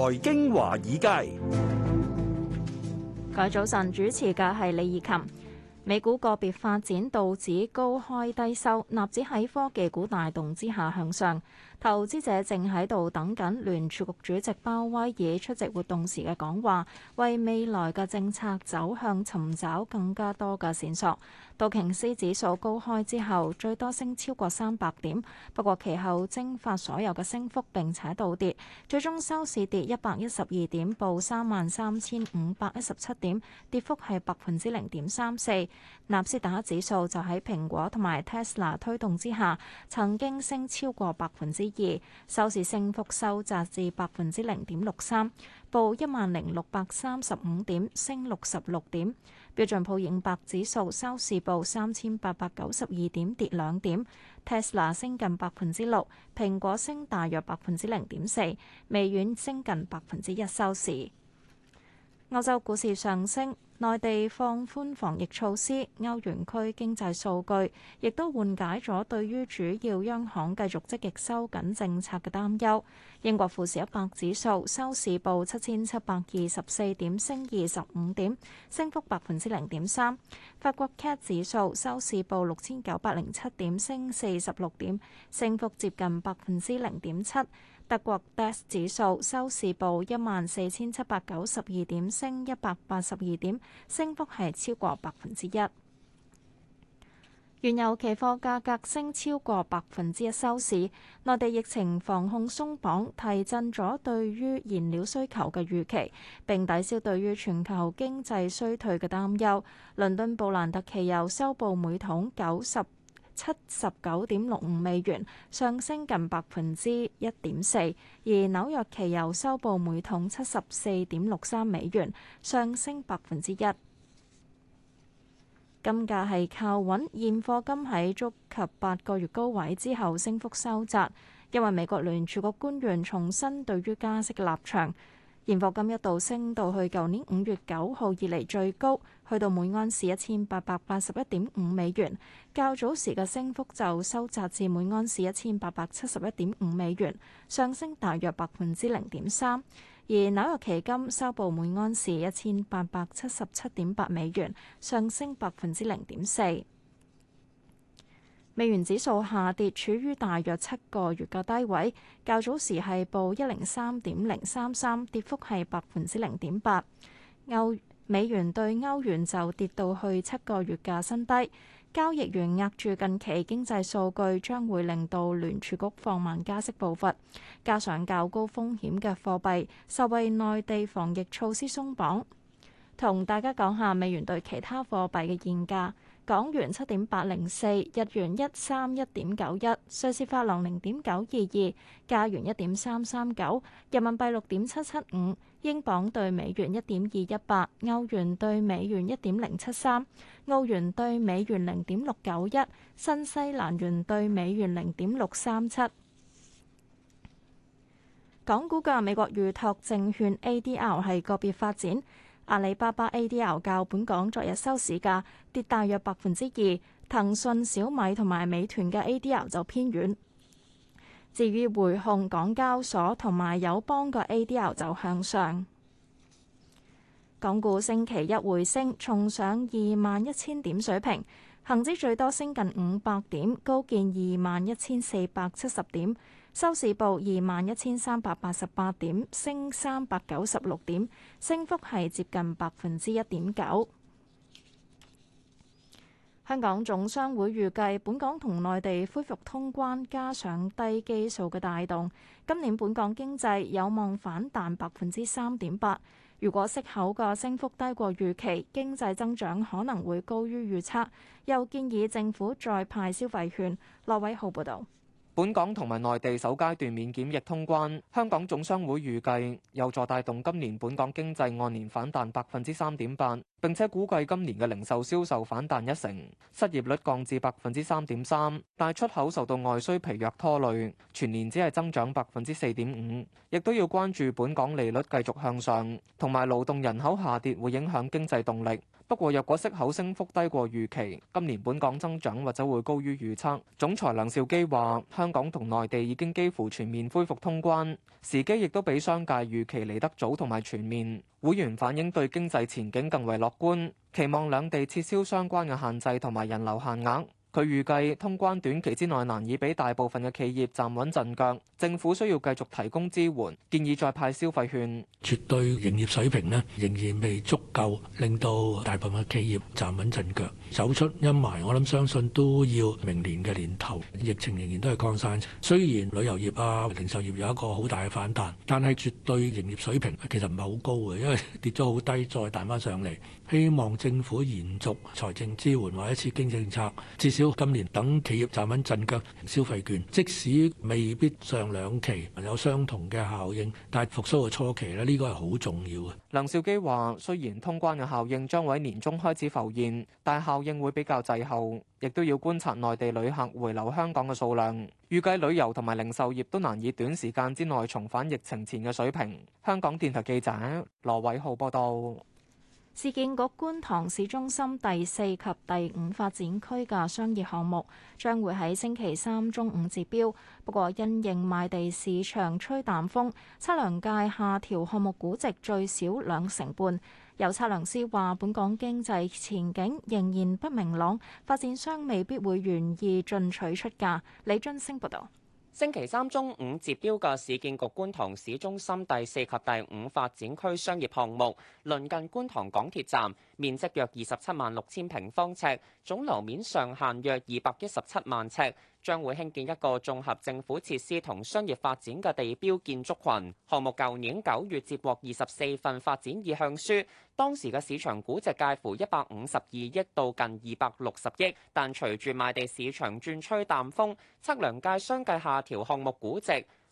財經華爾街，各位早晨，主持嘅係李怡琴。美股個別發展，道指高開低收，納指喺科技股帶動之下向上。投資者正喺度等緊聯儲局主席鮑威爾出席活動時嘅講話，為未來嘅政策走向尋找更加多嘅線索。道瓊斯指數高開之後，最多升超過三百點，不過其後蒸發所有嘅升幅，並且倒跌，最終收市跌一百一十二點，報三萬三千五百一十七點，跌幅係百分之零點三四。納斯達克指數就喺蘋果同埋 Tesla 推動之下，曾經升超過百分之二，收市升幅收窄至百分之零點六三，報一萬零六百三十五點，升六十六點。標準普爾五百指數收市報三千八百九十二點，跌兩點。Tesla 升近百分之六，蘋果升大約百分之零點四，微軟升近百分之一收市。歐洲股市上升。內地放寬防疫措施，歐元區經濟數據亦都緩解咗對於主要央行繼續積極收緊政策嘅擔憂。英國富時一百指數收市報七千七百二十四點，升二十五點，升幅百分之零點三。法國 cat 指數收市報六千九百零七點，升四十六點，升幅接近百分之零點七。德國 DAX 指數收市報一萬四千七百九十二點，升一百八十二點，升幅係超過百分之一。原油期貨價格升超過百分之一收市。內地疫情防控鬆綁，提振咗對於燃料需求嘅預期，並抵消對於全球經濟衰退嘅擔憂。倫敦布蘭特期油收報每桶九十。七十九點六五美元，上升近百分之一點四，而紐約期油收報每桶七十四點六三美元，上升百分之一。金價係靠穩，現貨金喺觸及八個月高位之後升幅收窄，因為美國聯儲局官員重申對於加息嘅立場。現貨金一度升到去舊年五月九號以嚟最高，去到每安士一千八百八十一點五美元。較早時嘅升幅就收窄至每安士一千八百七十一點五美元，上升大約百分之零點三。而紐約期金收報每安士一千八百七十七點八美元，上升百分之零點四。美元指數下跌，處於大約七個月嘅低位。較早時係報一零三點零三三，跌幅係百分之零點八。歐美元對歐元就跌到去七個月嘅新低。交易員壓住近期經濟數據將會令到聯儲局放慢加息步伐，加上較高風險嘅貨幣受惠，內地防疫措施鬆綁。同大家講下美元對其他貨幣嘅現價。港元七點八零四，日元一三一點九一，瑞士法郎零點九二二，加元一點三三九，人民幣六點七七五，英鎊對美元一點二一八，歐元對美元一點零七三，澳元對美元零點六九一，新西蘭元對美元零點六三七。港股嘅美國預託證券 ADR 係個別發展。阿里巴巴 ADR 較本港昨日收市價跌大約百分之二，騰訊、小米同埋美團嘅 ADR 就偏軟。至於匯控、港交所同埋友邦嘅 ADR 就向上。港股星期一回升，重上二萬一千點水平。恒指最多升近五百點，高見二萬一千四百七十點，收市報二萬一千三百八十八點，升三百九十六點，升幅係接近百分之一點九。香港總商會預計，本港同內地恢復通關，加上低基數嘅帶動，今年本港經濟有望反彈百分之三點八。如果息口嘅升幅低過預期，經濟增長可能會高於預測，又建議政府再派消費券。駱偉浩報道，本港同埋內地首階段免檢疫通關，香港總商會預計有助帶動今年本港經濟按年反彈百分之三點八。並且估計今年嘅零售銷售反彈一成，失業率降至百分之三點三，但出口受到外需疲弱拖累，全年只係增長百分之四點五。亦都要關注本港利率繼續向上，同埋勞動人口下跌會影響經濟動力。不過若果息口升幅低過預期，今年本港增長或者會高於預測。總裁梁兆基話：香港同內地已經幾乎全面恢復通關，時機亦都比商界預期嚟得早，同埋全面。會員反映對經濟前景更為樂觀，期望兩地撤銷相關嘅限制同埋人流限額。佢預計通關短期之內難以俾大部分嘅企業站穩陣腳，政府需要繼續提供支援，建議再派消費券。絕對營業水平呢仍然未足夠令到大部分企業站穩陣腳，走出陰霾。我諗相信都要明年嘅年頭疫情仍然都係擴散。雖然旅遊業啊、零售業有一個好大嘅反彈，但係絕對營業水平其實唔係好高嘅，因為跌咗好低再彈翻上嚟。希望政府延續財政支援或者刺激政策，今年等企業站穩陣腳，消費券，即使未必上兩期有相同嘅效應，但係復甦嘅初期呢，呢、呢個係好重要嘅。梁兆基話：雖然通關嘅效應將會喺年中開始浮現，但效應會比較滯後，亦都要觀察內地旅客回流香港嘅數量。預計旅遊同埋零售業都難以短時間之內重返疫情前嘅水平。香港電台記者羅偉浩報道。市建局觀塘市中心第四及第五發展區嘅商業項目將會喺星期三中午截標。不過因應賣地市場吹淡風，測量界下調項目估值最少兩成半。有測量師話本港經濟前景仍然不明朗，發展商未必會願意進取出價。李津星報道。星期三中午截標嘅市建局觀塘市中心第四及第五發展區商業項目，鄰近觀塘港鐵站。面積約二十七萬六千平方尺，總樓面上限約二百一十七萬尺，將會興建一個綜合政府設施同商業發展嘅地標建築群。項目舊年九月接獲二十四份發展意向書，當時嘅市場估值介乎一百五十二億到近二百六十億，但隨住賣地市場轉吹淡風，測量界相繼下調項目估值。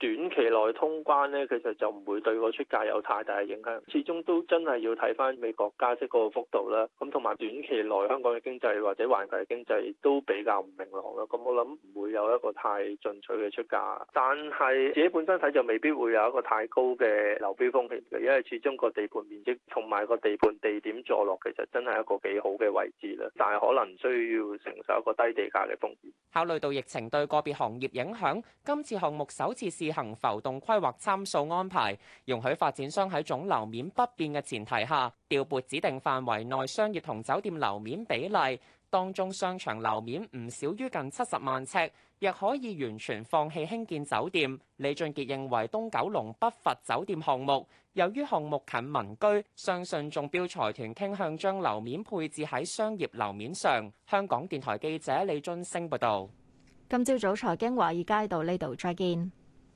短期內通關咧，其實就唔會對個出價有太大嘅影響。始終都真係要睇翻美國加息個幅度啦。咁同埋短期內香港嘅經濟或者環球嘅經濟都比較唔明朗啦。咁、嗯、我諗唔會有一個太進取嘅出價。但係自己本身睇就未必會有一個太高嘅流標風險嘅，因為始終個地盤面積同埋個地盤地點坐落其實真係一個幾好嘅位置啦。但係可能需要承受一個低地價嘅風險。考慮到疫情對個別行業影響，今次項目首次試行浮動規劃參數安排，容許發展商喺總樓面不變嘅前提下，調撥指定範圍內商業同酒店樓面比例，當中商場樓面唔少於近七十萬尺。若可以完全放棄興建酒店，李俊杰認為東九龍不乏酒店項目，由於項目近民居，相信中標財團傾向將樓面配置喺商業樓面上。香港電台記者李津升報道。今朝早財經華爾街到呢度，再見。